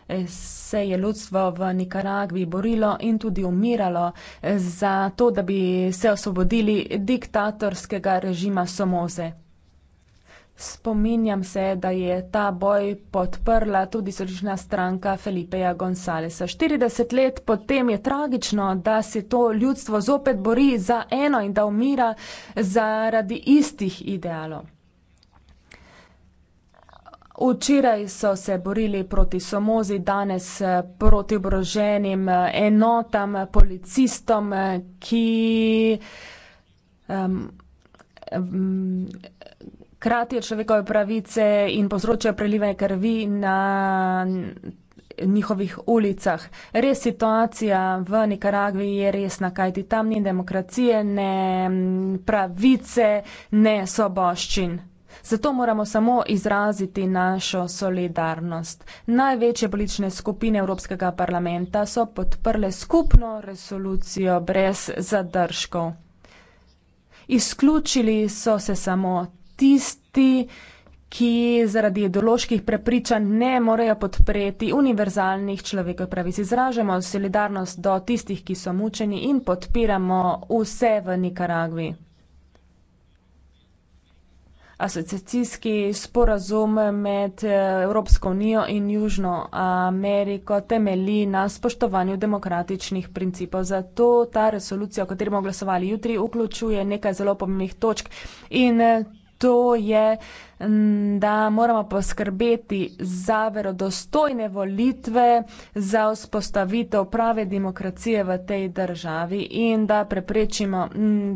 eh, se je ljudstvo v Nikaragvi borilo in tudi umiralo eh, za to, da bi se osvobodili diktatorskega režima Somoze. Spominjam se, da je ta boj podprla tudi srčna stranka Felipeja Gonzalesa. 40 let potem je tragično, da se to ljudstvo zopet bori za eno in da umira zaradi istih idealov. Včeraj so se borili proti Somozi, danes eh, proti oboroženim eh, enotam, policistom, eh, ki um, um, kratijo človekove pravice in povzročajo prelive krvi na njihovih ulicah. Res situacija v Nikaragvi je resna, kajti tam ni demokracije, ne pravice, ne soboščin. Zato moramo samo izraziti našo solidarnost. Največje politične skupine Evropskega parlamenta so podprle skupno resolucijo brez zadržkov. Izključili so se samo tisti, ki zaradi ideoloških prepričanj ne morejo podpreti univerzalnih človekovih pravic. Izražamo solidarnost do tistih, ki so mučeni in podpiramo vse v Nikaragvi asociacijski sporazum med eh, Evropsko unijo in Južno Ameriko temeli na spoštovanju demokratičnih principov. Zato ta resolucija, o kateri bomo glasovali jutri, vključuje nekaj zelo pomembnih točk in eh, to je, da moramo poskrbeti za verodostojne volitve, za vzpostavitev prave demokracije v tej državi in da preprečimo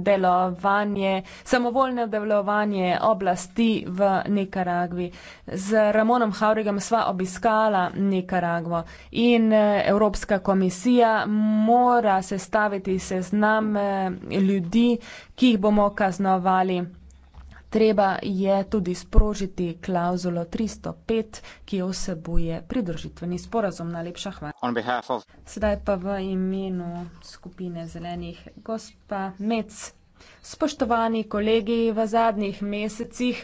delovanje, samovoljno delovanje oblasti v Nikaragvi. Z Ramonom Haurigom sva obiskala Nikaragvo in e, Evropska komisija mora sestaviti seznam e, ljudi, ki jih bomo kaznovali. Treba je tudi sprožiti klauzulo 305, ki jo vsebuje pridružitveni sporazum. Najlepša hvala. Of... Sedaj pa v imenu skupine zelenih gospa Mec. Spoštovani kolegi, v zadnjih mesecih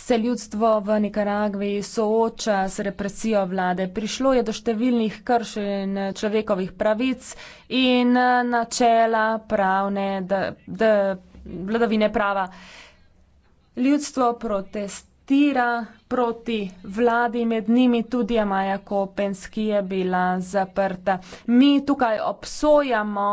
se ljudstvo v Nikaragvi sooča s represijo vlade. Prišlo je do številnih kršen človekovih pravic in načela pravne, da, da vladavine prava. Ljudstvo protestira proti vladi, med njimi tudi Amaja Kopenski je bila zaprta. Mi tukaj obsojamo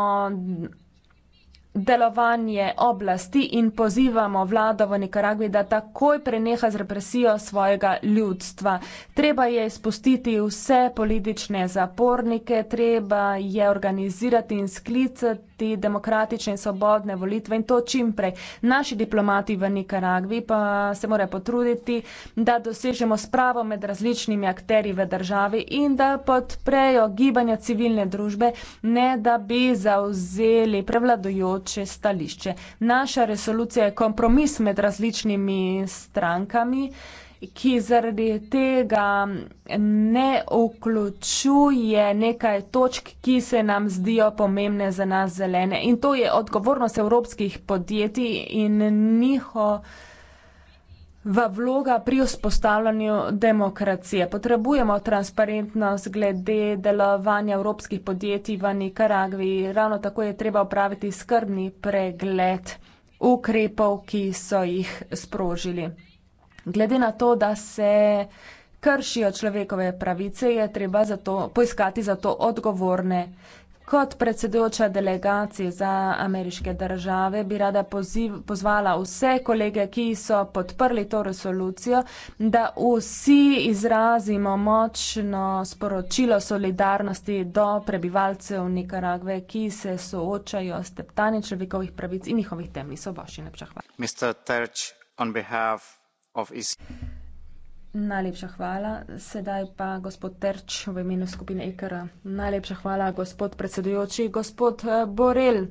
delovanje oblasti in pozivamo vlado v Nikaragvi, da takoj preneha z represijo svojega ljudstva. Treba je izpustiti vse politične zapornike, treba je organizirati in sklicati demokratične in svobodne volitve in to čim prej. Naši diplomati v Nikaragvi pa se morajo potruditi, da dosežemo spravo med različnimi akteri v državi in da podprejo gibanja civilne družbe, ne da bi zauzeli prevladujoč domače stališče. Naša resolucija je kompromis med različnimi strankami, ki zaradi tega ne vključuje nekaj točk, ki se nam zdijo pomembne za nas zelene. In to je odgovornost evropskih podjetij in njihov v vloga pri vzpostavljanju demokracije. Potrebujemo transparentnost glede delovanja evropskih podjetij v Nikaragvi. Ravno tako je treba upraviti skrbni pregled ukrepov, ki so jih sprožili. Glede na to, da se kršijo človekove pravice, je treba za to, poiskati za to odgovorne. Kot predsedujoča delegacije za ameriške države bi rada poziv, pozvala vse kolege, ki so podprli to resolucijo, da vsi izrazimo močno sporočilo solidarnosti do prebivalcev Nikaragve, ki se soočajo s teptanjem človekovih pravic in njihovih temnih svoboščin. Najlepša hvala. Najlepša hvala. Sedaj pa gospod Terč v imenu skupine EKR. Najlepša hvala, gospod predsedujoči. Gospod eh, Borel,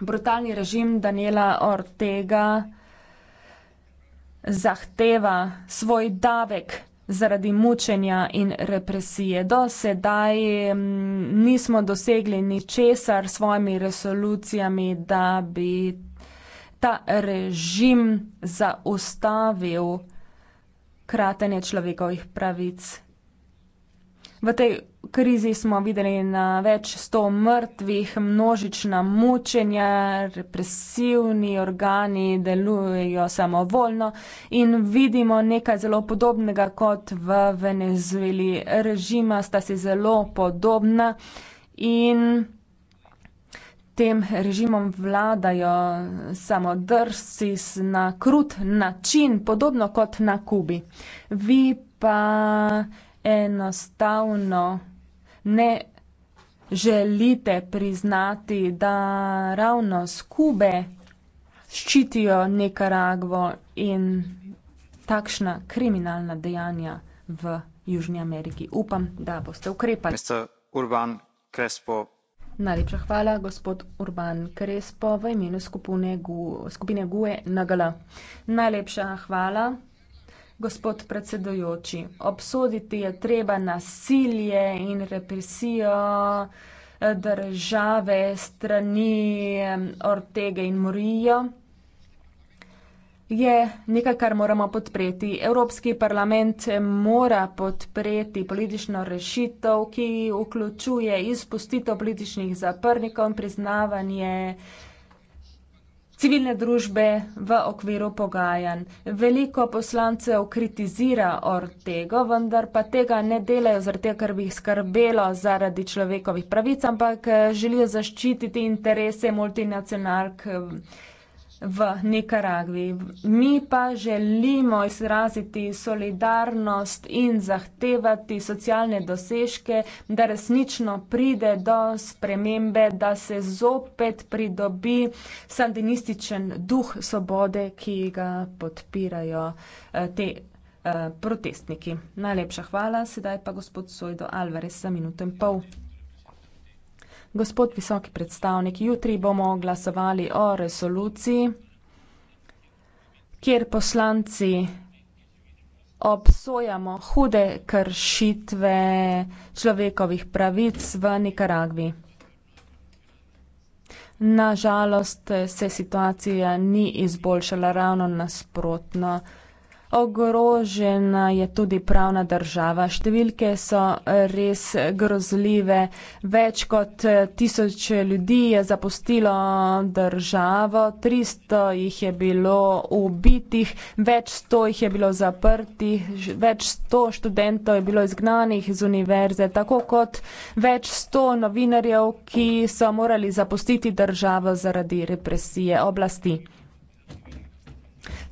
brutalni režim Daniela Ortega zahteva svoj davek zaradi mučenja in represije. Do sedaj mm, nismo dosegli ničesar s svojimi resolucijami, da bi ta režim zaustavil kratenje človekovih pravic. V tej krizi smo videli na več sto mrtvih, množična mučenja, represivni organi delujejo samovoljno in vidimo nekaj zelo podobnega kot v Venezueli. Režima sta si zelo podobna in tem režimom vladajo samo drsi na krut način, podobno kot na Kubi. Vi pa enostavno ne želite priznati, da ravno z Kube ščitijo Nikaragvo in takšna kriminalna dejanja v Južni Ameriki. Upam, da boste ukrepali. Urban Crespo, Najlepša hvala, gospod Urban Krespo, v imenu skupine, GU, skupine GUE NGL. Najlepša hvala, gospod predsedujoči. Obsoditi je treba nasilje in represijo eh, države strani eh, Ortega in Morijo je nekaj, kar moramo podpreti. Evropski parlament mora podpreti politično rešitev, ki vključuje izpustitev političnih zaprnikov in priznavanje civilne družbe v okviru pogajanj. Veliko poslancev kritizira Ortego, vendar pa tega ne delajo zaradi tega, ker bi jih skrbelo zaradi človekovih pravic, ampak želijo zaščititi interese multinacionalk v Nikaragvi. Mi pa želimo izraziti solidarnost in zahtevati socialne dosežke, da resnično pride do spremembe, da se zopet pridobi sandinističen duh svobode, ki ga podpirajo eh, te eh, protestniki. Najlepša hvala, sedaj pa gospod Sojdo Alvarez za minuto in pol. Gospod visoki predstavnik, jutri bomo glasovali o resoluciji, kjer poslanci obsojamo hude kršitve človekovih pravic v Nikaragvi. Nažalost se situacija ni izboljšala ravno nasprotno. Ogrožena je tudi pravna država. Številke so res grozljive. Več kot eh, tisoč ljudi je zapustilo državo, 300 jih je bilo ubitih, več sto jih je bilo zaprtih, več sto študentov je bilo izgnanih z univerze, tako kot več sto novinarjev, ki so morali zapustiti državo zaradi represije oblasti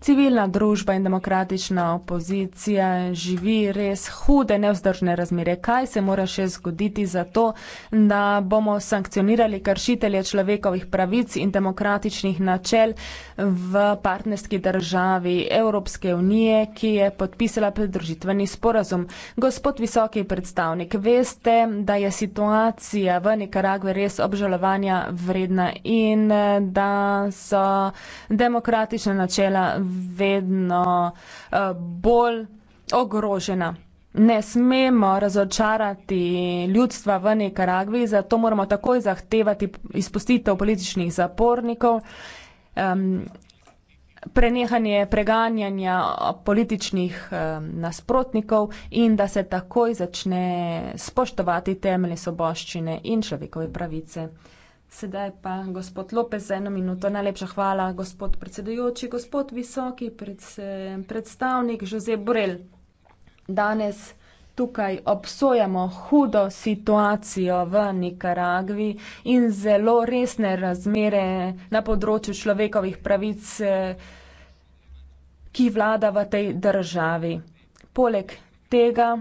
civilna družba in demokratična opozicija živi res hude, nevzdržne razmere. Kaj se mora še zgoditi za to, da bomo sankcionirali kršitelje človekovih pravic in demokratičnih načel v partnerski državi Evropske unije, ki je podpisala predružitveni sporazum? Gospod visoki predstavnik, veste, da je situacija v Nikaragve res obžalovanja vredna in eh, da so demokratična načela vedno uh, bolj ogrožena. Ne smemo razočarati ljudstva v Nikaragvi, zato moramo takoj zahtevati izpustitev političnih zapornikov, um, prenehanje preganjanja političnih um, nasprotnikov in da se takoj začne spoštovati temelje soboščine in človekove pravice. Sedaj pa gospod Lopez za eno minuto. Najlepša hvala, gospod predsedujoči, gospod visoki predstavnik Jose Borel. Danes tukaj obsojamo hudo situacijo v Nikaragvi in zelo resne razmere na področju človekovih pravic, eh, ki vlada v tej državi. Poleg tega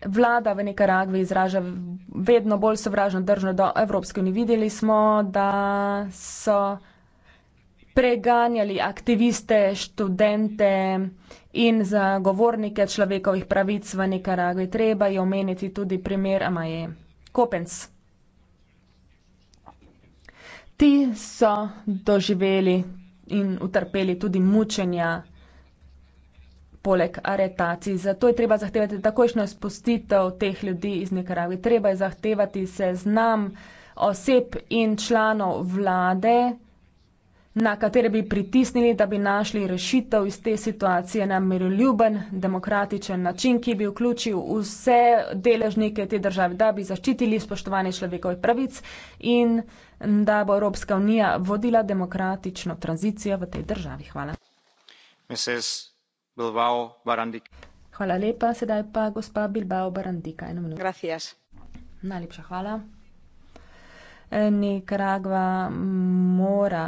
Vlada v Nikaragvi izraža vedno bolj sovražno držo do Evropske unije. Videli smo, da so preganjali aktiviste, študente in zagovornike človekovih pravic v Nikaragvi. Treba je omeniti tudi primer Amaje Kopens. Ti so doživeli in utrpeli tudi mučenja poleg aretacij. Zato je treba zahtevati takošno izpustitev teh ljudi iz Nikaragve. Treba je zahtevati seznam oseb in članov vlade, na katere bi pritisnili, da bi našli rešitev iz te situacije na miroljuben, demokratičen način, ki bi vključil vse deležnike te države, da bi zaščitili spoštovanje človekovih pravic in da bo Evropska unija vodila demokratično tranzicijo v tej državi. Hvala. Mrs. Bilbao Barandica. Hvala lepa, sedaj pa gospa Bilbao Barandika, eno minuto. Gracias. Najlepša hvala. Nikaragva mora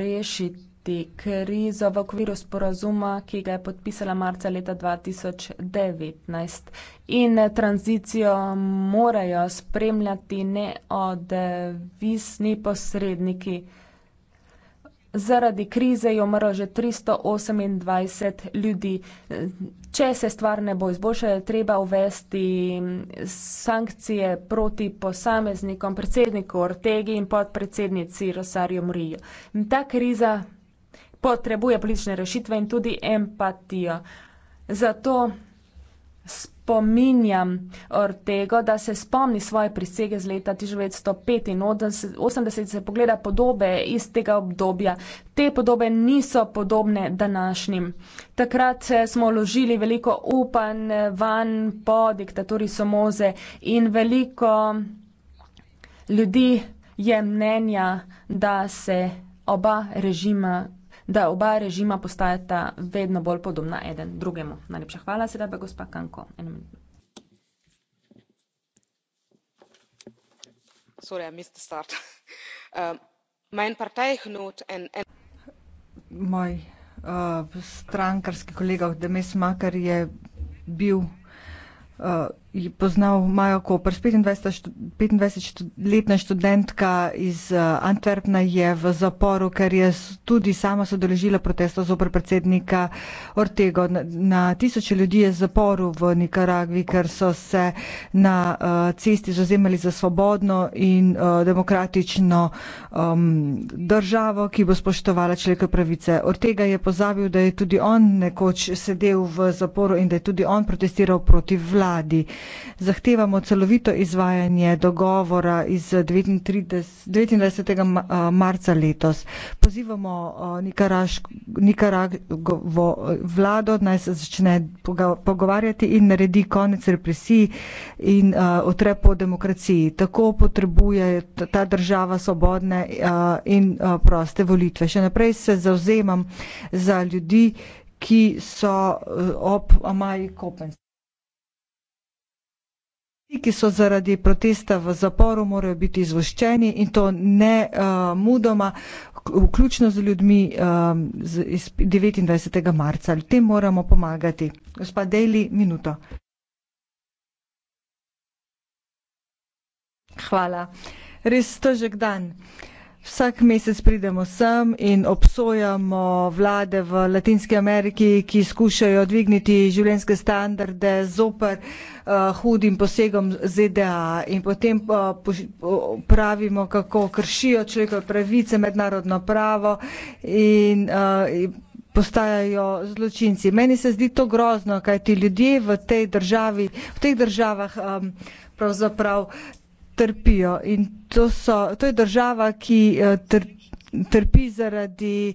rešiti krizo v okviru sporazuma, ki ga je podpisala marca leta 2019. In tranzicijo morajo spremljati neodvisni posredniki zaradi krize je umrlo že 328 ljudi. Če se stvar ne bo izboljšala, treba uvesti mm, sankcije proti posameznikom, predsedniku Ortegi in podpredsednici Rosario Murillo. In ta kriza potrebuje politične rešitve in tudi empatijo. Zato spominjam Ortega, eh, da se spomni svoje prisege z leta 1985, se pogleda podobe iz tega obdobja. Te podobe niso podobne današnjim. Takrat eh, smo ložili veliko upanj eh, van po diktaturi Somoze in veliko ljudi je mnenja, da se oba režima da oba režima postajata vedno bolj podobna eden drugemu. Najlepša hvala, sedaj pa gospa Kanko. Sorry, I missed the start. [LAUGHS] Um, mein Parteichnot and, and... Moj uh, strankarski kolega Demes Makar je bil uh, poznal Majo Koper, 25-letna študentka iz eh, Antwerpna je v zaporu, ker je tudi sama sodeležila protesto zoper predsednika Ortega. Na, na tisoče ljudi je zaporu v Nikaragvi, ker so se na uh, cesti zazemali za svobodno in uh, demokratično um, državo, ki bo spoštovala človekove pravice. Ortega je pozabil, da je tudi on nekoč sedel v zaporu in da je tudi on protestiral proti vladi. Zahtevamo celovito izvajanje dogovora iz 29. 29. marca letos. Pozivamo Nikaragvo vlado, naj se začne pogovarjati in naredi konec represiji in otre po demokraciji. Tako potrebuje ta država svobodne in proste volitve. Še naprej se zauzemam za ljudi, ki so ob Amaji Kopenski ki so zaradi protesta v zaporu, morajo biti izvoščeni in to ne uh, mudoma, vključno z ljudmi um, z, iz 29. marca. Ali tem moramo pomagati? Gospa Dejli, minuto. Hvala. Res težek dan. Vsak mesec pridemo sem in obsojamo vlade v Latinski Ameriki, ki skušajo dvigniti življenjske standarde zoper uh, hudim posegom ZDA in potem uh, pravimo, kako kršijo človekove pravice, mednarodno pravo in uh, postajajo zločinci. Meni se zdi to grozno, kaj ti ljudje v tej državi, v teh državah um, pravzaprav trpijo in to so to je država ki eh, tr, trpi zaradi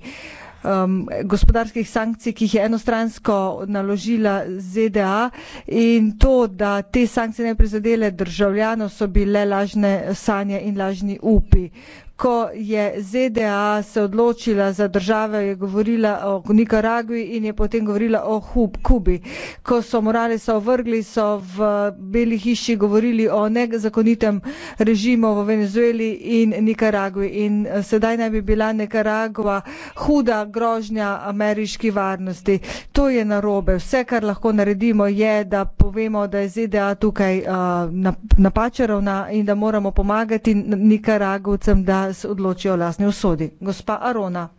um, gospodarskih sankcij ki jih je enostransko naložila zda in to da te sankcije ne prizadele državljanov so bile lažne sanje in lažni upi ko je ZDA se odločila za državo, je govorila o Nikaragvi in je potem govorila o Hub, Kubi. Ko so morale so vrgli, so v Beli hiši govorili o nezakonitem režimu v Venezueli in Nikaragvi. In eh, sedaj naj bi bila Nikaragva huda grožnja ameriški varnosti. To je narobe. Vse, kar lahko naredimo, je, da povemo, da je ZDA tukaj uh, eh, napačerovna in da moramo pomagati Nikaragovcem, da se odločijo o lasni usodi. Gospa Arona.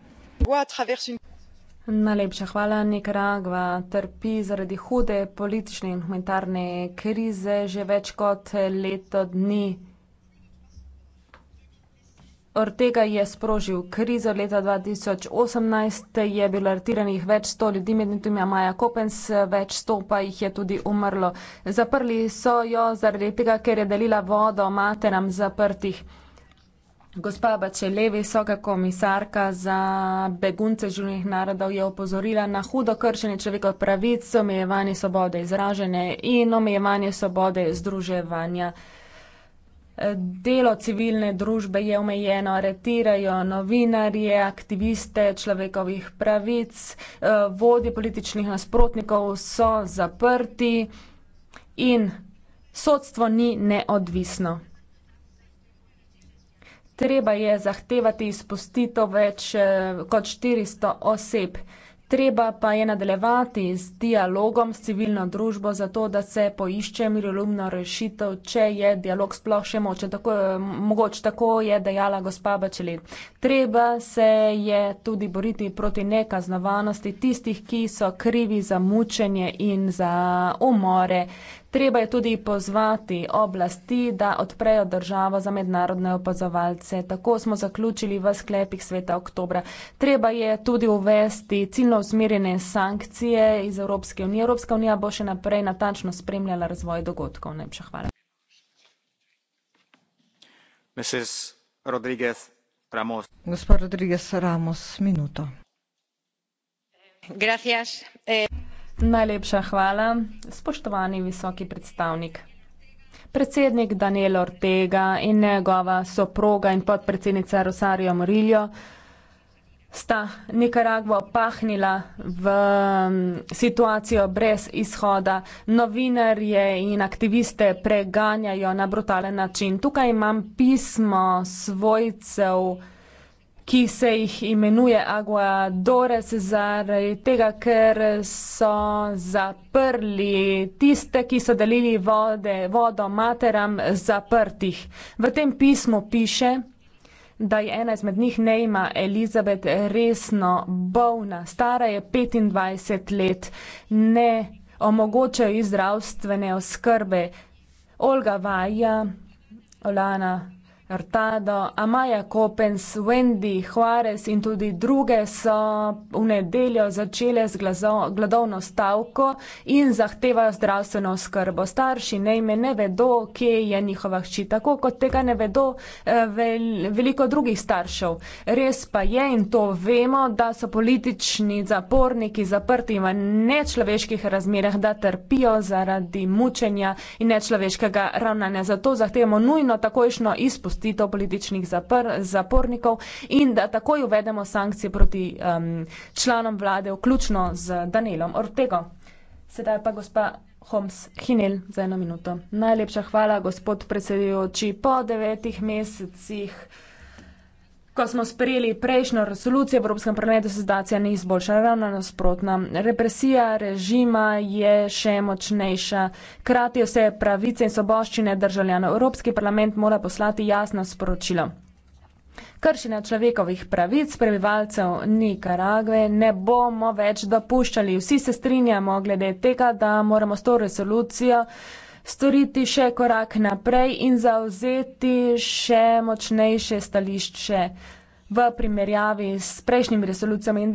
Najlepša hvala. Nikaragva trpi zaradi hude politične in humanitarne krize že več kot leto dni. Ortega je sprožil krizo. Leta 2018 je bilo artiranih več sto ljudi, med njimi Maja Kopens, več sto pa jih je tudi umrlo. Zaprli so jo zaradi tega, ker je delila vodo materam zaprtih. Gospa Bačele, visoka komisarka za begunce Združenih narodov, je opozorila na hudo kršenje človekovih pravic, omejevanje svobode izražene in omejevanje svobode združevanja. Delo civilne družbe je omejeno, aretirajo novinarje, aktiviste človekovih pravic, eh, vodje političnih nasprotnikov so zaprti in sodstvo ni neodvisno treba je zahtevati izpustitev več eh, kot 400 oseb. Treba pa je nadaljevati z dialogom s civilno družbo, zato da se poišče miroljubno rešitev, če je dialog sploh še močen. Tako, eh, mogoče tako je dejala gospa Bačelet. Treba se je tudi boriti proti nekaznovanosti tistih, ki so krivi za mučenje in za umore Treba je tudi pozvati oblasti, da odprejo državo za mednarodne opazovalce. Tako smo zaključili v sklepih sveta oktobra. Treba je tudi uvesti ciljno usmerjene sankcije iz Evropske unije. Evropska unija bo še naprej natančno spremljala razvoj dogodkov. Najlepša hvala. Gospod Rodriguez Ramos, minuto. Najlepša hvala, spoštovani visoki predstavnik. Predsednik Daniel Ortega in njegova soproga in podpredsednica Rosario Murillo sta Nikaragvo pahnila v situacijo brez izhoda. Novinarje in aktiviste preganjajo na brutalen način. Tukaj imam pismo svojcev ki se jih imenuje Agua Dores, zaradi tega, ker so zaprli tiste, ki so delili vode, vodo materam zaprtih. V tem pismu piše, da je ena izmed njih nejma Elizabet resno bolna. Stara je 25 let, ne omogočajo zdravstvene oskrbe. Olga Vaja, Olana Rtado, Amaja Kopens, Wendy Juarez in tudi druge so v nedeljo začele z gladovno stavko in zahtevajo zdravstveno skrbo. Starši najme ne vedo, kje je njihova hči, tako kot tega ne vedo eh, veliko drugih staršev. Res pa je in to vemo, da so politični zaporniki zaprti v nečloveških razmerah, da trpijo zaradi mučenja in nečloveškega ravnanja. Zato zahtevamo nujno takojšno izpustitev sprostitev političnih zapr, zapornikov in da takoj uvedemo sankcije proti um, članom vlade, vključno z Danielom Ortego. Sedaj pa gospa Homs Hinel za eno minuto. Najlepša hvala, gospod predsedujoči, po devetih mesecih. Ko smo sprejeli prejšnjo resolucijo v Evropskem parlamentu, se situacija ni izboljšala, ravno nasprotna. Represija režima je še močnejša. Krati vse pravice in soboščine državljanov. Evropski parlament mora poslati jasno sporočilo. Kršenja človekovih pravic prebivalcev Nikaragve ne bomo več dopuščali. Vsi se strinjamo glede tega, da moramo s to resolucijo storiti še korak naprej in zauzeti še močnejše stališče v primerjavi s prejšnjimi resolucijami.